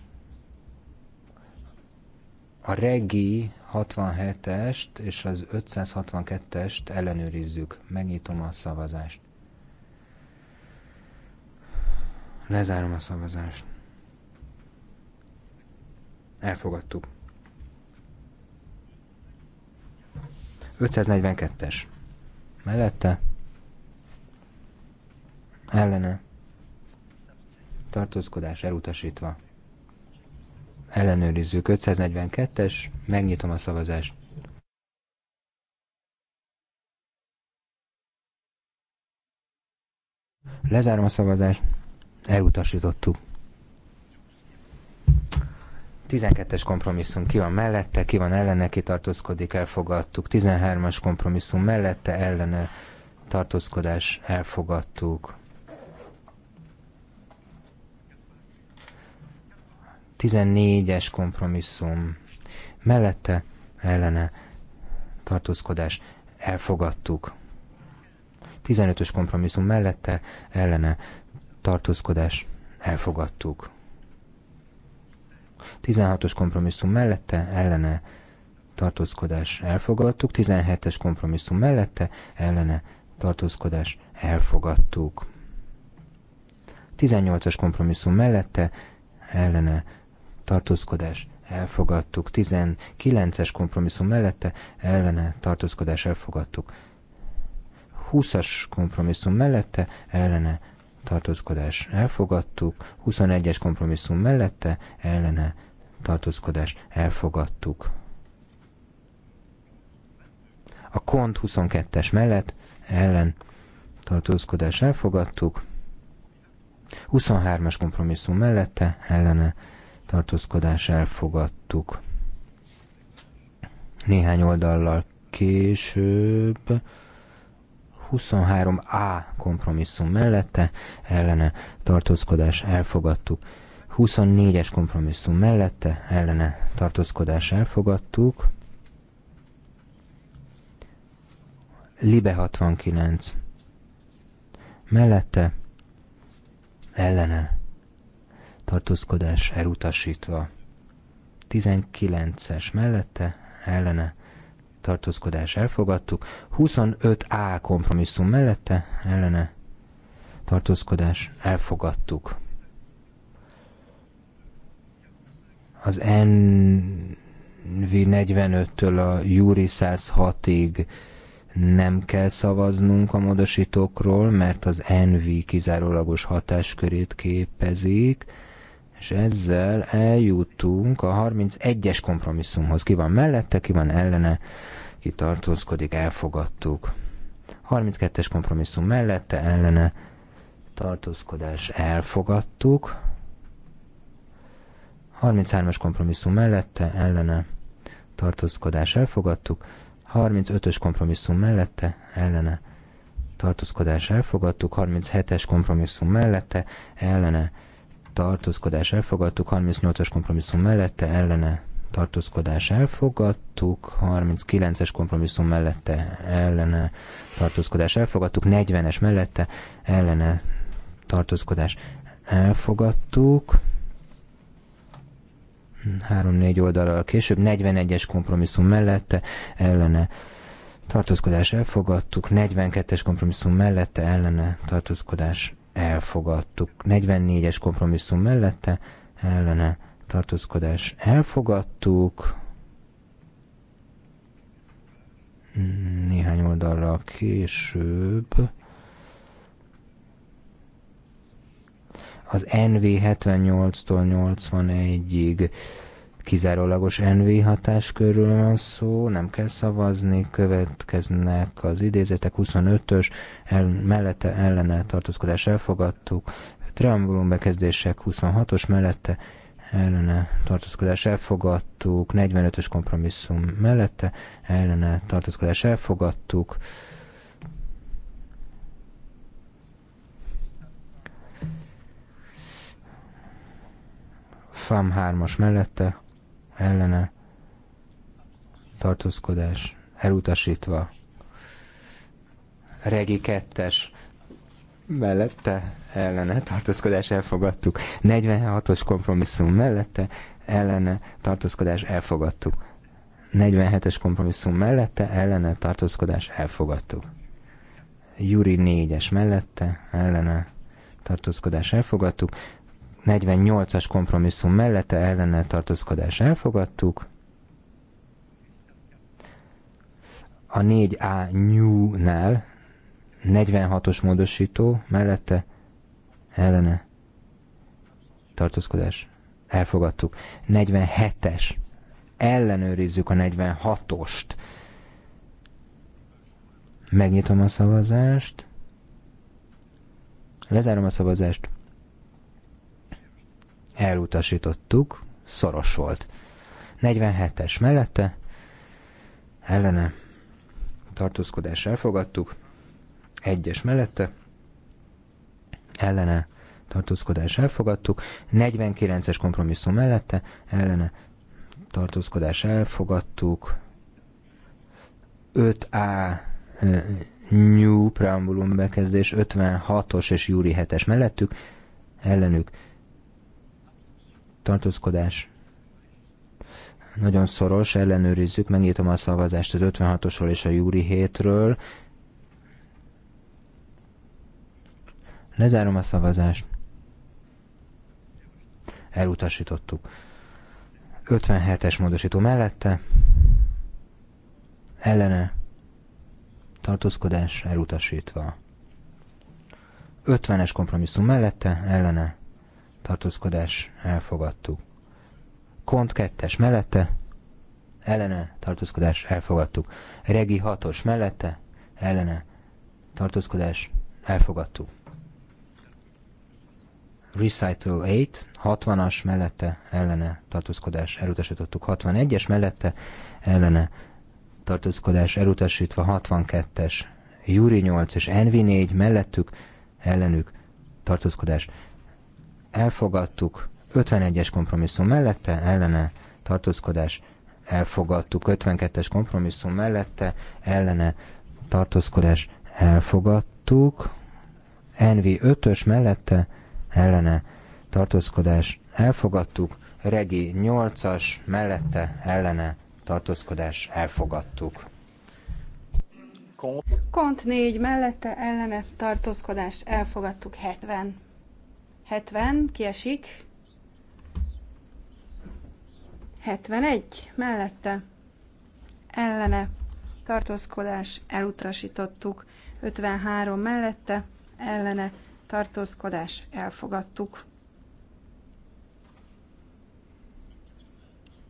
A Regi 67-est és az 562-est ellenőrizzük. Megnyitom a szavazást. Lezárom a szavazást. Elfogadtuk. 542-es. Mellette. Ellene. Tartózkodás elutasítva. Ellenőrizzük. 542-es. Megnyitom a szavazást. Lezárom a szavazást. Elutasítottuk. 12-es kompromisszum ki van mellette, ki van ellene, ki tartózkodik, elfogadtuk. 13-as kompromisszum mellette, ellene, tartózkodás, elfogadtuk. 14-es kompromisszum mellette, ellene, tartózkodás, elfogadtuk. 15-ös kompromisszum mellette, ellene, tartózkodás, elfogadtuk. 16-os kompromisszum mellette, ellene, tartózkodás, elfogadtuk. 17-es kompromisszum mellette, ellene, tartózkodás, elfogadtuk. 18-as kompromisszum mellette, ellene, tartózkodás, elfogadtuk. 19-es kompromisszum mellette, ellene, tartózkodás, elfogadtuk. 20-as kompromisszum mellette, ellene, tartózkodás elfogadtuk, 21-es kompromisszum mellette, ellene tartózkodás elfogadtuk. A kont 22-es mellett, ellen tartózkodás elfogadtuk, 23-as kompromisszum mellette, ellene tartózkodás elfogadtuk. Néhány oldallal később 23A kompromisszum mellette, ellene tartózkodás elfogadtuk. 24-es kompromisszum mellette, ellene tartózkodás elfogadtuk. Libe 69 mellette, ellene tartózkodás elutasítva. 19-es mellette, ellene tartózkodás elfogadtuk, 25A kompromisszum mellette, ellene tartózkodás elfogadtuk. Az NV45-től a Júri 106-ig nem kell szavaznunk a módosítókról, mert az NV kizárólagos hatáskörét képezik, és ezzel eljutunk a 31-es kompromisszumhoz. Ki van mellette, ki van ellene, ki tartózkodik, elfogadtuk. 32-es kompromisszum mellette, ellene, tartózkodás, elfogadtuk. 33-as kompromisszum mellette, ellene, tartózkodás, elfogadtuk. 35-ös kompromisszum mellette, ellene, tartózkodás, elfogadtuk. 37-es kompromisszum mellette, ellene, tartózkodás elfogadtuk, 38-as kompromisszum mellette ellene tartózkodás elfogadtuk, 39-es kompromisszum mellette ellene tartózkodás elfogadtuk, 40-es mellette ellene tartózkodás elfogadtuk, 3-4 oldalal később, 41-es kompromisszum mellette ellene tartózkodás elfogadtuk, 42-es kompromisszum mellette ellene tartózkodás elfogadtuk. 44-es kompromisszum mellette ellene tartózkodás elfogadtuk. Néhány oldalra később az NV 78-tól 81-ig Kizárólagos NV hatáskörről van szó, nem kell szavazni, következnek az idézetek 25-ös, el, mellette ellene tartózkodás elfogadtuk, preambulum bekezdések 26-os mellette ellene tartózkodás elfogadtuk, 45-ös kompromisszum mellette ellene tartózkodás elfogadtuk, FAM 3-as mellette ellene tartózkodás elutasítva. Regi kettes mellette ellene tartózkodás elfogadtuk. 46-os kompromisszum mellette ellene tartózkodás elfogadtuk. 47-es kompromisszum mellette ellene tartózkodás elfogadtuk. Juri 4-es mellette ellene tartózkodás elfogadtuk. 48-as kompromisszum mellette ellenel tartózkodás elfogadtuk. A 4A New-nál 46-os módosító mellette ellene tartózkodás elfogadtuk. 47-es ellenőrizzük a 46-ost. Megnyitom a szavazást. Lezárom a szavazást elutasítottuk, szoros volt. 47-es mellette, ellene, tartózkodás elfogadtuk, 1-es mellette, ellene, tartózkodás elfogadtuk, 49-es kompromisszum mellette, ellene, tartózkodás elfogadtuk, 5A New Preambulum bekezdés 56-os és Júri 7-es mellettük, ellenük tartózkodás nagyon szoros, ellenőrizzük, megnyitom a szavazást az 56-osról és a Júri hétről. Lezárom a szavazást. Elutasítottuk. 57-es módosító mellette. Ellene. Tartózkodás elutasítva. 50-es kompromisszum mellette, ellene tartózkodás elfogadtuk. Kont 2 mellette, ellene tartózkodás elfogadtuk. Regi 6-os mellette, ellene tartózkodás elfogadtuk. Recital 8, 60-as mellette ellene tartózkodás elutasítottuk, 61-es mellette ellene tartózkodás elutasítva, 62-es Júri 8 és Envi 4 mellettük ellenük tartózkodás elfogadtuk, 51-es kompromisszum mellette, ellene tartózkodás, elfogadtuk, 52-es kompromisszum mellette, ellene tartózkodás, elfogadtuk, Envi 5-ös mellette, ellene tartózkodás, elfogadtuk, Regi 8-as mellette, ellene tartózkodás, elfogadtuk. Kont 4 mellette ellene tartózkodás elfogadtuk 70. 70, kiesik. 71, mellette, ellene, tartózkodás, elutasítottuk. 53 mellette, ellene, tartózkodás, elfogadtuk.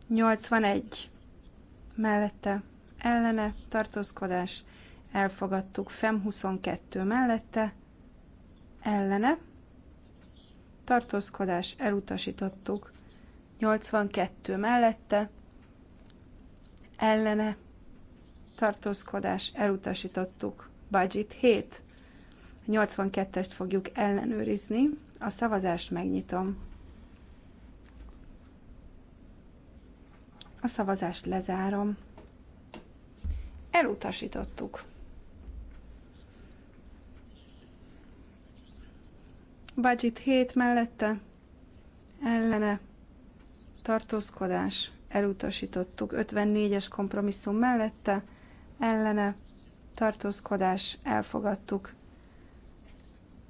81 mellette, ellene, tartózkodás, elfogadtuk. FEM 22 mellette, ellene, tartózkodás, elutasítottuk. 82 mellette, ellene, tartózkodás, elutasítottuk. Budget 7. 82-est fogjuk ellenőrizni. A szavazást megnyitom. A szavazást lezárom. Elutasítottuk. Budget 7 mellette ellene tartózkodás elutasítottuk. 54-es kompromisszum mellette ellene tartózkodás elfogadtuk.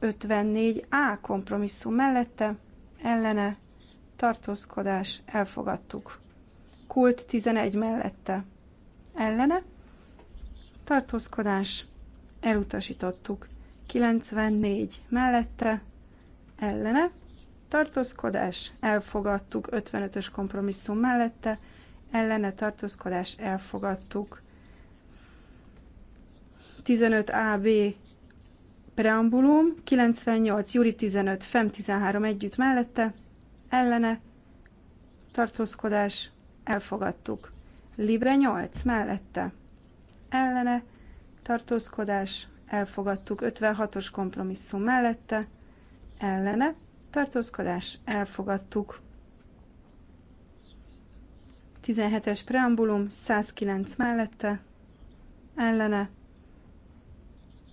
54A kompromisszum mellette ellene tartózkodás elfogadtuk. Kult 11 mellette ellene tartózkodás elutasítottuk. 94 mellette ellene, tartózkodás, elfogadtuk, 55-ös kompromisszum mellette, ellene tartózkodás, elfogadtuk. 15AB preambulum, 98, júli 15, fem 13 együtt mellette, ellene, tartózkodás, elfogadtuk. Libre 8 mellette, ellene, tartózkodás, elfogadtuk. 56-os kompromisszum mellette, ellene, tartózkodás, elfogadtuk. 17-es preambulum, 109 mellette, ellene,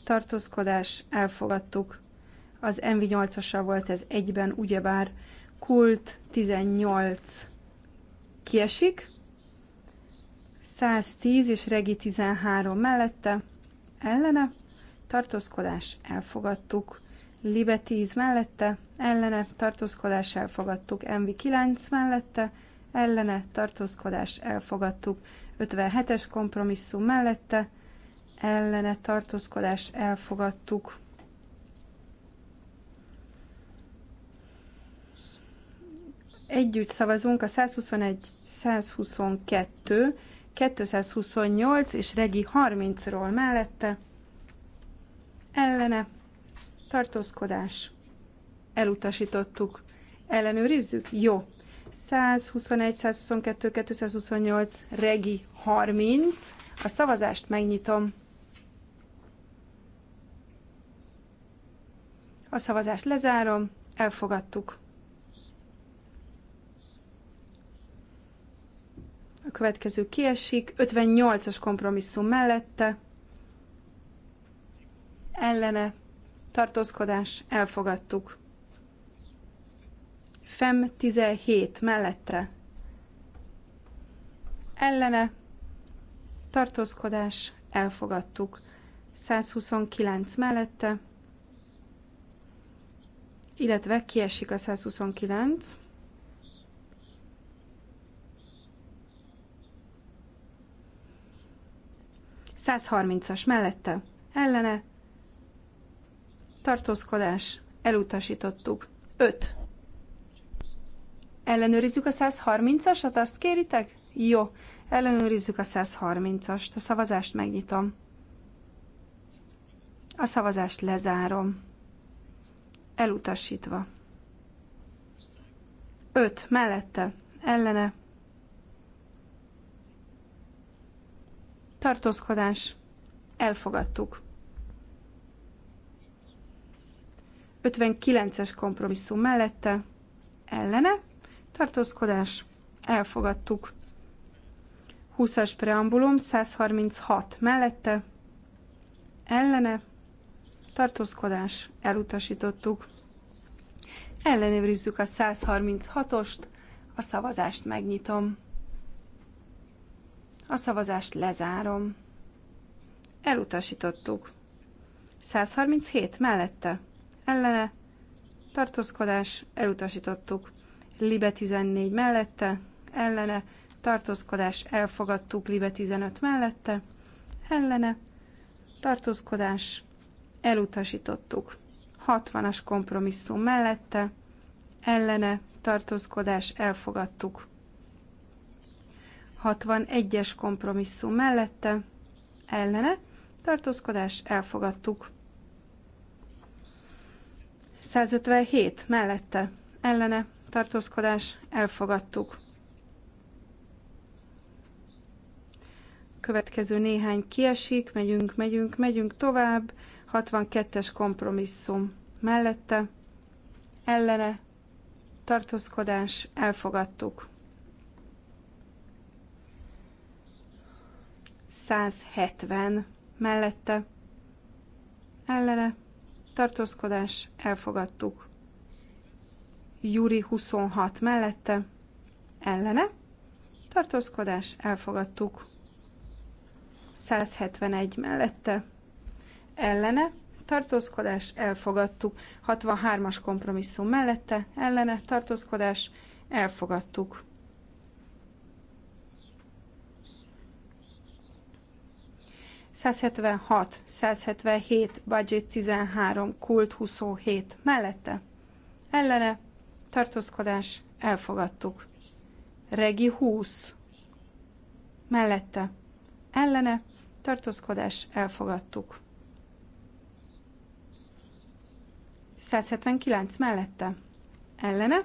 tartózkodás, elfogadtuk. Az mv 8 asa volt ez egyben, ugyebár kult 18 kiesik, 110 és regi 13 mellette, ellene, tartózkodás, elfogadtuk. Libe 10 mellette, ellene tartózkodás elfogadtuk. MV 9 mellette, ellene tartózkodás elfogadtuk. 57-es kompromisszum mellette, ellene tartózkodás elfogadtuk. Együtt szavazunk a 121, 122, 228 és Regi 30-ról mellette, ellene tartózkodás, elutasítottuk. Ellenőrizzük? Jó. 121, 122, 228, regi 30. A szavazást megnyitom. A szavazást lezárom, elfogadtuk. A következő kiesik, 58-as kompromisszum mellette, ellene tartózkodás, elfogadtuk. FEM 17 mellette, ellene, tartózkodás, elfogadtuk. 129 mellette, illetve kiesik a 129. Százharmincas mellette, ellene, tartózkodás, elutasítottuk. 5. Ellenőrizzük a 130-asat, azt kéritek? Jó, ellenőrizzük a 130-ast. A szavazást megnyitom. A szavazást lezárom. Elutasítva. 5. Mellette. Ellene. Tartózkodás. Elfogadtuk. 59-es kompromisszum mellette ellene tartózkodás elfogadtuk. 20-as preambulum 136 mellette ellene tartózkodás elutasítottuk. Ellenőrizzük a 136-ost, a szavazást megnyitom. A szavazást lezárom. Elutasítottuk. 137 mellette ellene, tartózkodás, elutasítottuk. Libe 14 mellette, ellene, tartózkodás, elfogadtuk. Libe 15 mellette, ellene, tartózkodás, elutasítottuk. 60-as kompromisszum mellette, ellene, tartózkodás, elfogadtuk. 61-es kompromisszum mellette, ellene, tartózkodás, elfogadtuk. 157 mellette ellene tartózkodás elfogadtuk. Következő néhány kiesik, megyünk, megyünk, megyünk tovább. 62-es kompromisszum mellette ellene tartózkodás elfogadtuk. 170 mellette ellene tartózkodás, elfogadtuk. Júri 26 mellette, ellene, tartózkodás, elfogadtuk. 171 mellette, ellene, tartózkodás, elfogadtuk. 63-as kompromisszum mellette, ellene, tartózkodás, elfogadtuk. 176, 177, budget 13, kult 27, mellette. Ellene, tartózkodás, elfogadtuk. Regi 20, mellette. Ellene, tartózkodás, elfogadtuk. 179 mellette. Ellene,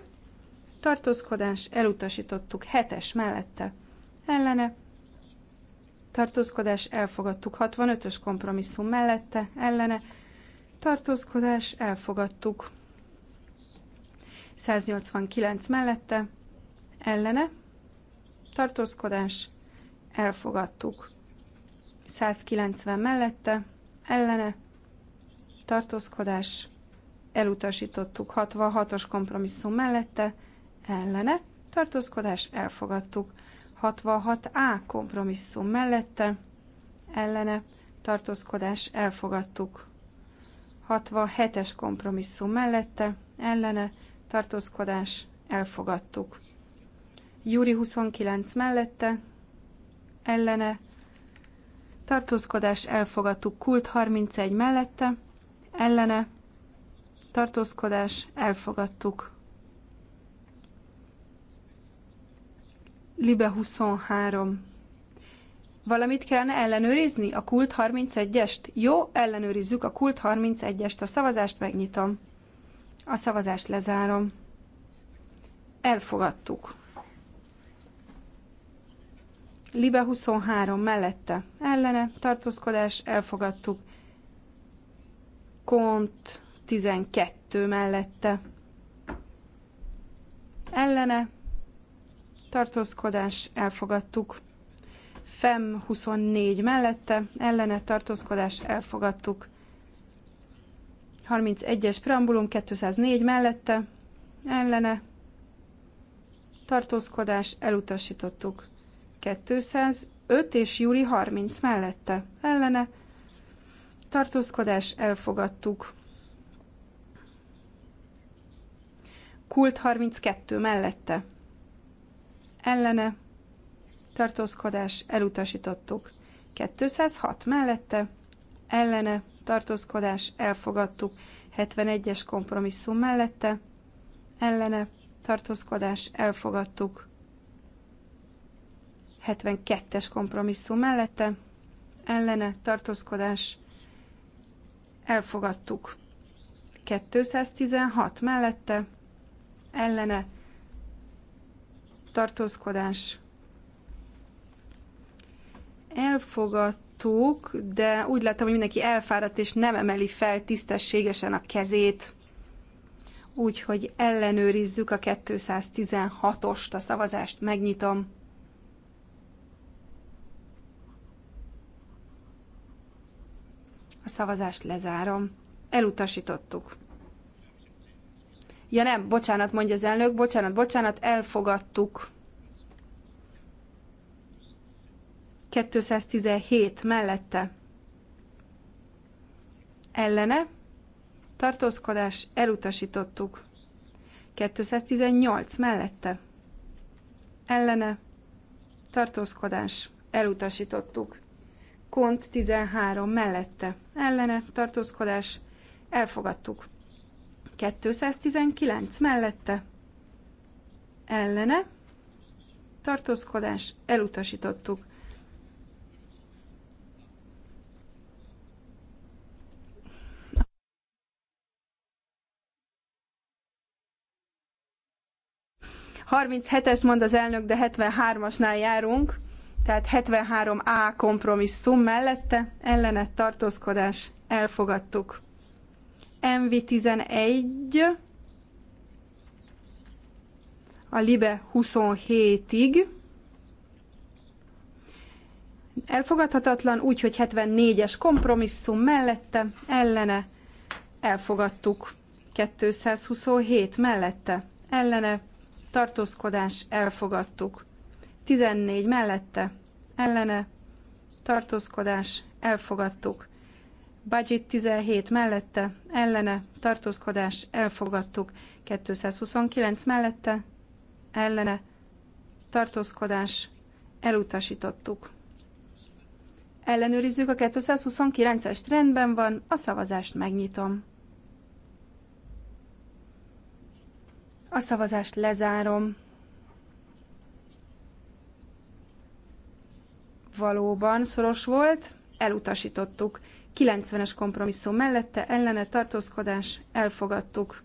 tartózkodás, elutasítottuk. 7-es mellette. Ellene, tartózkodás elfogadtuk 65-ös kompromisszum mellette, ellene, tartózkodás elfogadtuk 189 mellette, ellene, tartózkodás elfogadtuk 190 mellette, ellene, tartózkodás elutasítottuk 66-os kompromisszum mellette, ellene, tartózkodás elfogadtuk 66A kompromisszum mellette, ellene tartózkodás elfogadtuk. 67-es kompromisszum mellette, ellene tartózkodás elfogadtuk. Júri 29 mellette, ellene tartózkodás elfogadtuk. Kult 31 mellette, ellene tartózkodás elfogadtuk. Libe 23. Valamit kellene ellenőrizni? A kult 31-est? Jó, ellenőrizzük a kult 31-est. A szavazást megnyitom. A szavazást lezárom. Elfogadtuk. Libe 23 mellette. Ellene, tartózkodás, elfogadtuk. Kont 12 mellette. Ellene, tartózkodás, elfogadtuk. FEM 24 mellette, ellene tartózkodás, elfogadtuk. 31-es preambulum 204 mellette, ellene tartózkodás, elutasítottuk. 205 és júli 30 mellette, ellene tartózkodás, elfogadtuk. Kult 32 mellette, ellene, tartózkodás, elutasítottuk. 206 mellette, ellene, tartózkodás, elfogadtuk. 71-es kompromisszum mellette, ellene, tartózkodás, elfogadtuk. 72-es kompromisszum mellette, ellene, tartózkodás, elfogadtuk. 216 mellette, ellene, tartózkodás elfogadtuk, de úgy láttam, hogy mindenki elfáradt és nem emeli fel tisztességesen a kezét. Úgyhogy ellenőrizzük a 216-ost, a szavazást megnyitom. A szavazást lezárom. Elutasítottuk. Ja nem, bocsánat, mondja az elnök, bocsánat, bocsánat, elfogadtuk. 217 mellette. Ellene. Tartózkodás elutasítottuk. 218 mellette. Ellene. Tartózkodás elutasítottuk. Kont 13 mellette. Ellene. Tartózkodás elfogadtuk. 219 mellette ellene tartózkodás elutasítottuk. Harmincheten-est mond az elnök, de 73-asnál járunk, tehát 73A kompromisszum mellette ellenet tartózkodás elfogadtuk. MV11 a Libe 27-ig. Elfogadhatatlan, úgyhogy 74-es kompromisszum mellette, ellene elfogadtuk. 227 mellette, ellene tartózkodás elfogadtuk. 14 mellette, ellene tartózkodás elfogadtuk. Budget 17 mellette, ellene, tartózkodás, elfogadtuk. 229 mellette, ellene, tartózkodás, elutasítottuk. Ellenőrizzük a 229-est, rendben van, a szavazást megnyitom. A szavazást lezárom. Valóban szoros volt, elutasítottuk. 90-es kompromisszum mellette, ellene tartózkodás, elfogadtuk.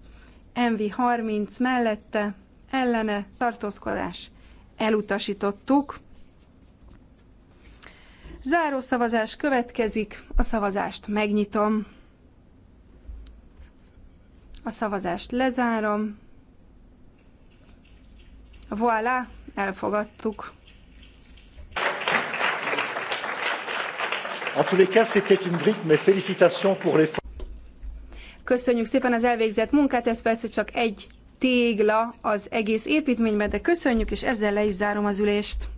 MV30 mellette, ellene tartózkodás, elutasítottuk. Záró szavazás következik, a szavazást megnyitom. A szavazást lezárom. Voilà, elfogadtuk. En tous les cas, c'était une brique, mais félicitations pour les... Köszönjük szépen az elvégzett munkát, ez persze csak egy tégla az egész építményben, de köszönjük, és ezzel le is zárom az ülést.